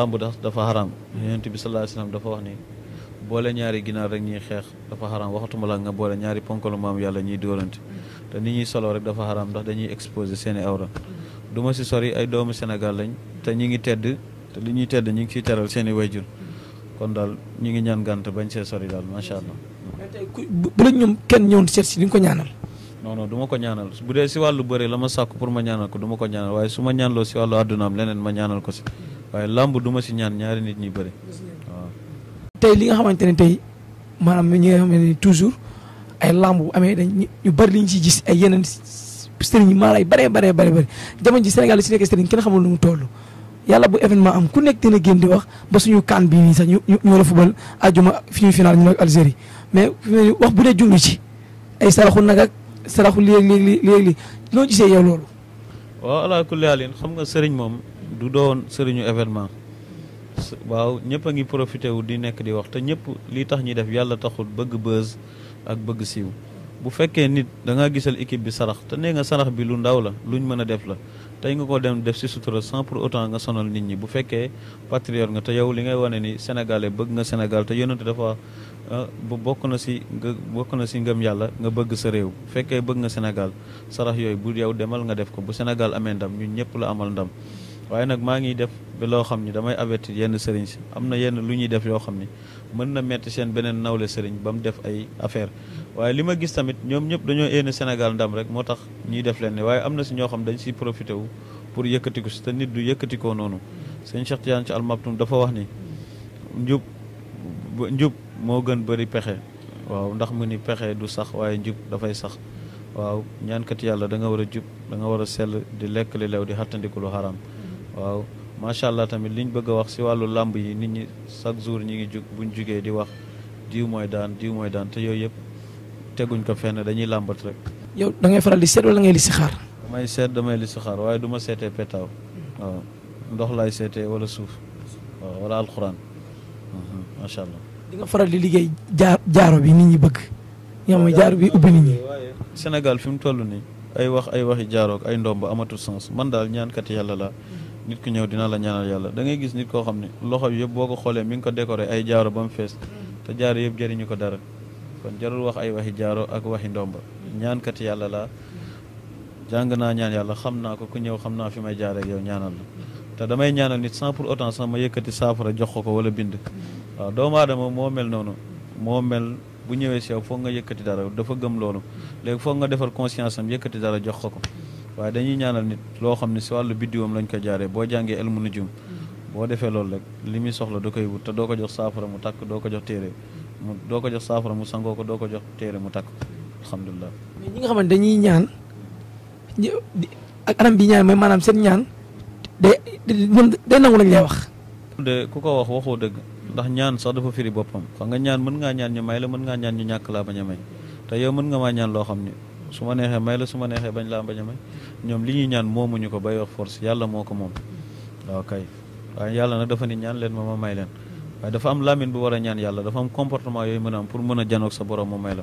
làmb dafa xaraam yonent bi sallallahu alayhi wasallam dafa wax ni boole ñaari ginaar rek ñuy xeex dafa xaraam waxatuma la nga boole ñaari ponkalu maam yàlla ñuy dóorante te ni ñuy solo rek dafa xaraam ndax dañuy exposé seeni awra du ma si sori ay doomu Sénégal lañ te ñi ngi tedd te li ñuy tedd ñi ngi ciy teral seeni wayjur kon daal ñu ngi ñaan gànt bañ see sori daal macha allah. tey bu la ñoom kenn ñëwoon seet si di nga ko ñaanal. non non du ma bu dee si wàllu bëre la ma sàkk pour ma ñaanal ko du ma ko ñaanal waaye su ma ñaanloo si wàllu àddunaam leneen ma ñaanal ko si waaye làmb du ma si ñaan ñaari nit ñi bëri waaw. tey li nga xamante ne tey maanaam ñi nga xam ne toujours ay làmb bu amee dañ ñu bëri li ñu si gis ay yeneen sëriñ maa lay bëree bëree bëri bëri jamono ji Sénégal si nekk sëriñ kenn xamul nu mu toll. yàlla bu événement am ku nekk dina génn di wax ba suñu kan bi nii sax ñu ñu ñu war a fubal àjjuma fi ñuy final ñu ne ak Algérie mais wax bu dee junj ci ay saraxu nag ak saraxu léeg-léeg léeg-léeg loo gisee yow loolu. waaw alaakulli xam nga sëriñ moom du doon sëriñu événement waaw ñëpp a ngi profité wu di nekk di wax te ñëpp li tax ñuy def yàlla taxul bëgg bës ak bëgg siiw bu fekkee nit da ngaa gisal équipe bi sarax te nee nga sarax bi lu ndaw la luñ mën a def la tey nga ko dem def si sutura sans pour autant nga sonal nit ñi bu fekkee patriote nga te yow li ngay wane ni sénégalais bëgg nga Sénégal te yonent dafa ah, bu bokk na si nga bokk na ci ngëm yàlla nga bëgg sa réew bu fekkee bëgg nga Sénégal sarax yooyu bu yow demal nga def ko bu Sénégal amee ndam ñëpp la amal ndam waaye nag maa ngi def bi loo xam ni damay avertir yenn sëriñ si am na yenn lu ñuy def yoo xam ni mën na metti seen beneen nawle sëriñ ba mu def ay affaire waaye li ma gis tamit ñoom ñëpp dañoo yéene Sénégal ndam rek moo tax ñuy def leen ne waaye am na si ñoo xam dañ siy profité wu pour yëkkatiku si te nit du yëkkatikoo noonu sëñ Cheikh Tidiane ci almaktum dafa wax ni njub njub moo gën bëri pexe waaw ndax mu ni pexe du sax waaye njub dafay sax waaw ñaankat yàlla da nga war a jub da nga war a sell di lekk lew di xattandiku lu xaram waaw macha allah tamit liñ bëgg a wax si wàllu làmb yi nit ñi chaque jour ñi ngi jug buñ jógee di wax diw mooy daan diw mooy daan te yooyu yëpp teguñ ko fenn dañuy làmbat rek. yow da ngay faral di seet wala ngay listixaar. damay seet damay listixaar waaye duma ma seetee petaaw. ndox lay seete wala suuf waaw wala alxuraan mhm, macha allah. di faral di liggéey jaar jaaro bi nit ñi bëgg. ñoo mooy jaaro bi ubbi nit ñi. Sénégal fi mu toll nii ay wax ay waxi jaaroo ak ay ndomb amatul sens man daal ñaankat yàlla laa. nit ki ñëw dina la ñaanal yàlla da ngay gis nit koo xam ne loxo yëpp boo ko xoolee mi ngi ko décoré ay jaaro ba mu fees te jaaro yëpp jëriñu ko dara kon jarul wax ay waxi jaaro ak waxi ndomba ñaankati yàlla la jàng naa ñaan yàlla xam naa ko ku ñëw xam naa fi may jaaree yow ñaanal la te damay ñaanal nit sans pour sax ma yëkkati saafara jox ko ko wala bind waaw doomu aadama moo mel noonu moo mel bu ñëwee si yow foog nga yëkkati dara dafa gëm loolu léegi waaye dañuy ñaanal nit loo xam ne si wàllu biddiwam lañ ko jaaree boo jàngee elmu nujum boo defee loolu rek li muy soxla da koy wut te doo ko jox saafara mu takk doo ko jox téere mu doo ko jox saafara mu sangoo ko doo ko jox téere mu takk alhamdulilah. mais ñi dañuy ñaan ak bi ñaan mooy maanaam seen ñaan day ñoom day nangu lañ lay wax. de ku ko wax waxoo dëgg ndax ñaan sax dafa firi boppam xam nga ñaan mën nga ñaan ñu may la mën ngaa ñaan ñu ñàkk laa bañ a may te yow mën nga maa ñaan loo xam ne su ma neexee may la su ma neexee bañ laa bañ may ñoom li ñuy ñaan moomuñu ko bay wax force yàlla moo ko moom waaw kay waaye yàlla nag dafa ne ñaan leen ma ma may leen waaye dafa am làmmiñ bu war a ñaan yàlla dafa am comportement yooyu mën a am pour mën a janoog sa borom mu may la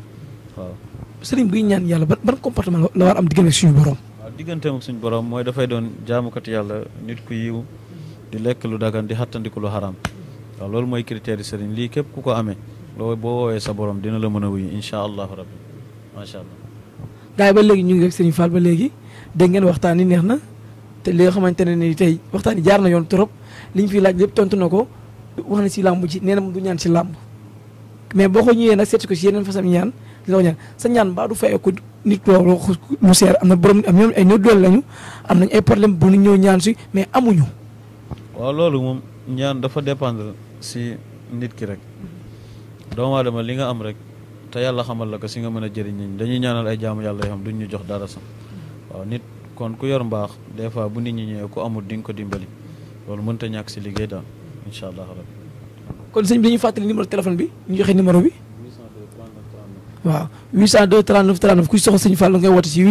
waaw sëriñ buy ñaan yàlla ba ban comportement la war am diggante suñu borom waaw digganteem ak suñu borom mooy dafay doon jaamukat yàlla nit ku yiw di lekk lu dagan di xattandiku lu xaraam loolu mooy critère yi lii képp ku ko amee loo boo woowee sa borom dina la mën a wuyu incha allahu rabbi macha allah gars yi ba léegi ñu ngi ak Serigne Fall ba léegi dégg ngeen waxtaan yi neex na te li nga xamante ne ni tey waxtaan jaar na yoon trop liñ fi laaj lépp tontu na ko wax na si làmb ji nee na mu du ñaan si làmb mais boo ko ñëwee nag seeti ko si yeneen façon ñaan di la ko ñaan sa ñaan mbaa du fayee ko nit loo am na borom am ñoom ay ñoo doole lañu am nañ problème bu ñu ñëw ñaan si mais amuñu. waaw loolu moom ñaan dafa dépendre si nit ki rek doomu aadama li nga am rek. te yàlla xamal la ko si nga mën a jëriñ nit ñi dañuy ñaanal ay jaamu yàlla yoo xam duñ ñu jox dara sax waaw nit kon ku yor mbaax des fois bu nit ñi ñëwee ku amul di nga ko dimbali loolu mënut a ñàkk si liggéey daal incha allah rabbi kon sëñ bi dañuy fàttali numéro téléphone bi ñu joxe numéro bi. waaw 802 39 39 ku soxla sëñ Fallou ngay woote si